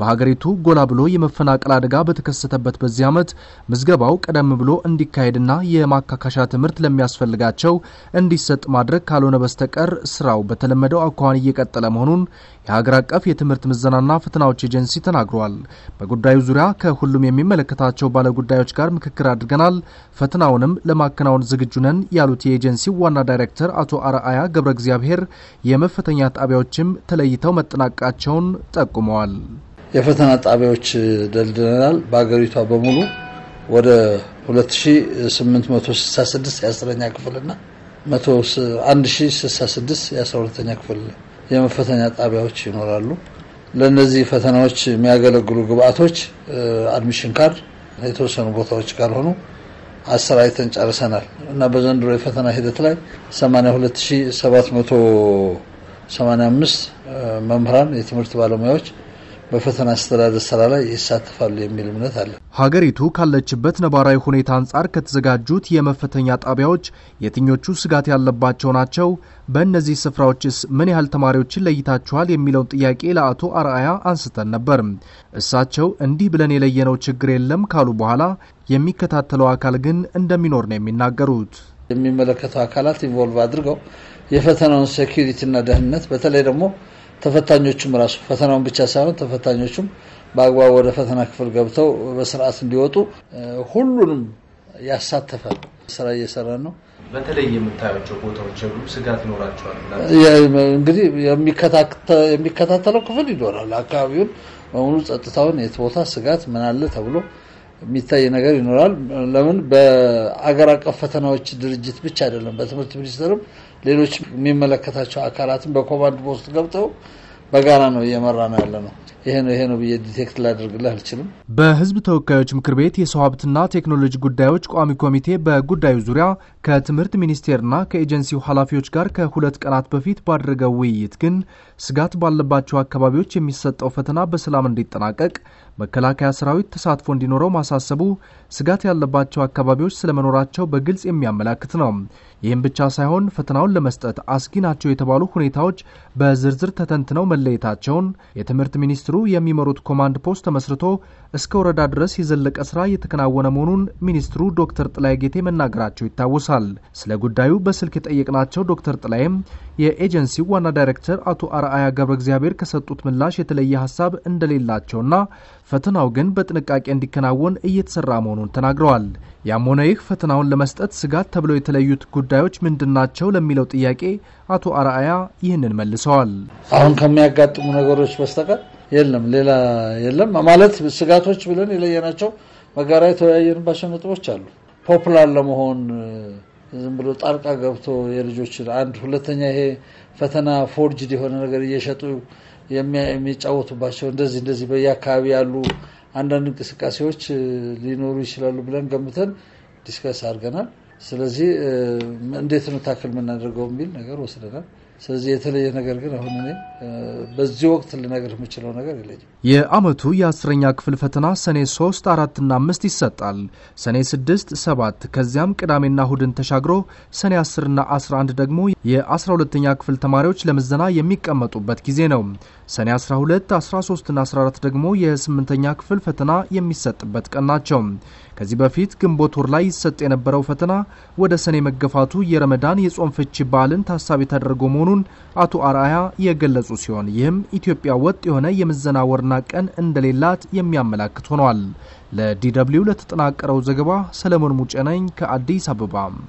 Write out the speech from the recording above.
በሀገሪቱ ጎላ ብሎ የመፈናቀል አደጋ በተከሰተበት በዚህ ዓመት ምዝገባው ቀደም ብሎ እንዲካሄድና የማካካሻ ትምህርት ለሚያስፈልጋቸው እንዲሰጥ ማድረግ ካልሆነ በስተቀር ስራው በተለመደው አኳኋን እየቀጠለ መሆኑን የሀገር አቀፍ የትምህርት ምዘናና ፈተናዎች ኤጀንሲ ተናግሯል። በጉዳዩ ዙሪያ ከሁሉም የሚመለከታቸው ባለጉዳዮች ጋር ምክክር አድርገናል፣ ፈተናውንም ለማከናወን ዝግጁ ነን ያሉት የኤጀንሲ ዋና ዳይሬክተር አቶ አርአያ ገብረ እግዚአብሔር የመፈተኛ ጣቢያዎችም ተለይተው መጠናቀቃቸውን ጠቁመዋል። የፈተና ጣቢያዎች ደልድለናል። በሀገሪቷ በሙሉ ወደ 2866 የ10ኛ ክፍልና 1066 የ12ኛ ክፍል የመፈተኛ ጣቢያዎች ይኖራሉ። ለእነዚህ ፈተናዎች የሚያገለግሉ ግብአቶች አድሚሽን ካርድ የተወሰኑ ቦታዎች ካልሆኑ አሰራይተን ጨርሰናል እና በዘንድሮ የፈተና ሂደት ላይ 82785 መምህራን የትምህርት ባለሙያዎች በፈተና አስተዳደር ስራ ላይ ይሳተፋሉ የሚል እምነት አለ። ሀገሪቱ ካለችበት ነባራዊ ሁኔታ አንጻር ከተዘጋጁት የመፈተኛ ጣቢያዎች የትኞቹ ስጋት ያለባቸው ናቸው? በእነዚህ ስፍራዎችስ ምን ያህል ተማሪዎችን ለይታችኋል? የሚለውን ጥያቄ ለአቶ አርአያ አንስተን ነበር። እሳቸው እንዲህ ብለን የለየነው ችግር የለም ካሉ በኋላ የሚከታተለው አካል ግን እንደሚኖር ነው የሚናገሩት። የሚመለከተው አካላት ኢንቮልቭ አድርገው የፈተናውን ሴኪሪቲና ደህንነት በተለይ ደግሞ ተፈታኞቹም ራሱ ፈተናውን ብቻ ሳይሆን ተፈታኞቹም በአግባብ ወደ ፈተና ክፍል ገብተው በስርዓት እንዲወጡ ሁሉንም ያሳተፈ ስራ እየሰራ ነው። በተለይ የምታያቸው ቦታዎች ሁሉ ስጋት ይኖራቸዋል። እንግዲህ የሚከታተለው ክፍል ይኖራል። አካባቢውን በሙሉ ጸጥታውን፣ የት ቦታ ስጋት ምን አለ ተብሎ የሚታይ ነገር ይኖራል። ለምን በአገር አቀፍ ፈተናዎች ድርጅት ብቻ አይደለም፣ በትምህርት ሚኒስቴርም ሌሎች የሚመለከታቸው አካላትም በኮማንድ ፖስት ገብተው በጋራ ነው እየመራ ነው ያለ ነው። ይሄ ነው ይሄ ነው ብዬ ዲቴክት ላደርግልህ አልችልም። በህዝብ ተወካዮች ምክር ቤት የሰው ሀብትና ቴክኖሎጂ ጉዳዮች ቋሚ ኮሚቴ በጉዳዩ ዙሪያ ከትምህርት ሚኒስቴርና ከኤጀንሲው ኃላፊዎች ጋር ከሁለት ቀናት በፊት ባደረገው ውይይት ግን ስጋት ባለባቸው አካባቢዎች የሚሰጠው ፈተና በሰላም እንዲጠናቀቅ መከላከያ ሰራዊት ተሳትፎ እንዲኖረው ማሳሰቡ ስጋት ያለባቸው አካባቢዎች ስለመኖራቸው በግልጽ የሚያመላክት ነው። ይህም ብቻ ሳይሆን ፈተናውን ለመስጠት አስጊ ናቸው የተባሉ ሁኔታዎች በዝርዝር ተተንትነው መለየታቸውን የትምህርት ሚኒስትሩ የሚመሩት ኮማንድ ፖስት ተመስርቶ እስከ ወረዳ ድረስ የዘለቀ ስራ እየተከናወነ መሆኑን ሚኒስትሩ ዶክተር ጥላይጌቴ ጌቴ መናገራቸው ይታወሳል። ይሆናል። ስለ ጉዳዩ በስልክ የጠየቅናቸው ዶክተር ጥላይም የኤጀንሲው ዋና ዳይሬክተር አቶ አርአያ ገብረ እግዚአብሔር ከሰጡት ምላሽ የተለየ ሀሳብ እንደሌላቸውና ፈተናው ግን በጥንቃቄ እንዲከናወን እየተሰራ መሆኑን ተናግረዋል። ያም ሆነ ይህ ፈተናውን ለመስጠት ስጋት ተብለው የተለዩት ጉዳዮች ምንድናቸው ለሚለው ጥያቄ አቶ አርአያ ይህንን መልሰዋል። አሁን ከሚያጋጥሙ ነገሮች በስተቀር የለም፣ ሌላ የለም ማለት ስጋቶች ብለን የለየናቸው መጋራ የተወያየንባቸው ነጥቦች አሉ። ፖፕላር ለመሆን ዝም ብሎ ጣልቃ ገብቶ የልጆች አንድ ሁለተኛ ይሄ ፈተና ፎርጅድ የሆነ ነገር እየሸጡ የሚጫወቱባቸው እንደዚህ እንደዚህ በየአካባቢ ያሉ አንዳንድ እንቅስቃሴዎች ሊኖሩ ይችላሉ ብለን ገምተን ዲስከስ አድርገናል። ስለዚህ እንዴት ነው ታክል የምናደርገው የሚል ነገር ወስደናል። ስለዚህ የተለየ ነገር ግን አሁን እኔ በዚህ ወቅት ልነግርህ የምችለው ነገር የለኝም። የአመቱ የአስረኛ ክፍል ፈተና ሰኔ 3 አራትና አምስት ይሰጣል። ሰኔ ስድስት ሰባት ከዚያም ቅዳሜና እሁድን ተሻግሮ ሰኔ አስርና ና አንድ ደግሞ 12 ሁለተኛ ክፍል ተማሪዎች ለምዘና የሚቀመጡበት ጊዜ ነው። ሰኔ አስራ ሁለት አስራ ሶስትና አስራ አራት ደግሞ የስምንተኛ ክፍል ፈተና የሚሰጥበት ቀን ናቸው። ከዚህ በፊት ግንቦት ወር ላይ ይሰጥ የነበረው ፈተና ወደ ሰኔ መገፋቱ የረመዳን የጾም ፍቺ በዓልን ታሳቢ ተደርጎ መሆኑን አቶ አርአያ የገለጹ የገለጹ ሲሆን ይህም ኢትዮጵያ ወጥ የሆነ የምዘና ወርና ቀን እንደሌላት የሚያመላክት ሆኗል። ለዲ ደብልዩ ለተጠናቀረው ዘገባ ሰለሞን ሙጨነኝ ከአዲስ አበባ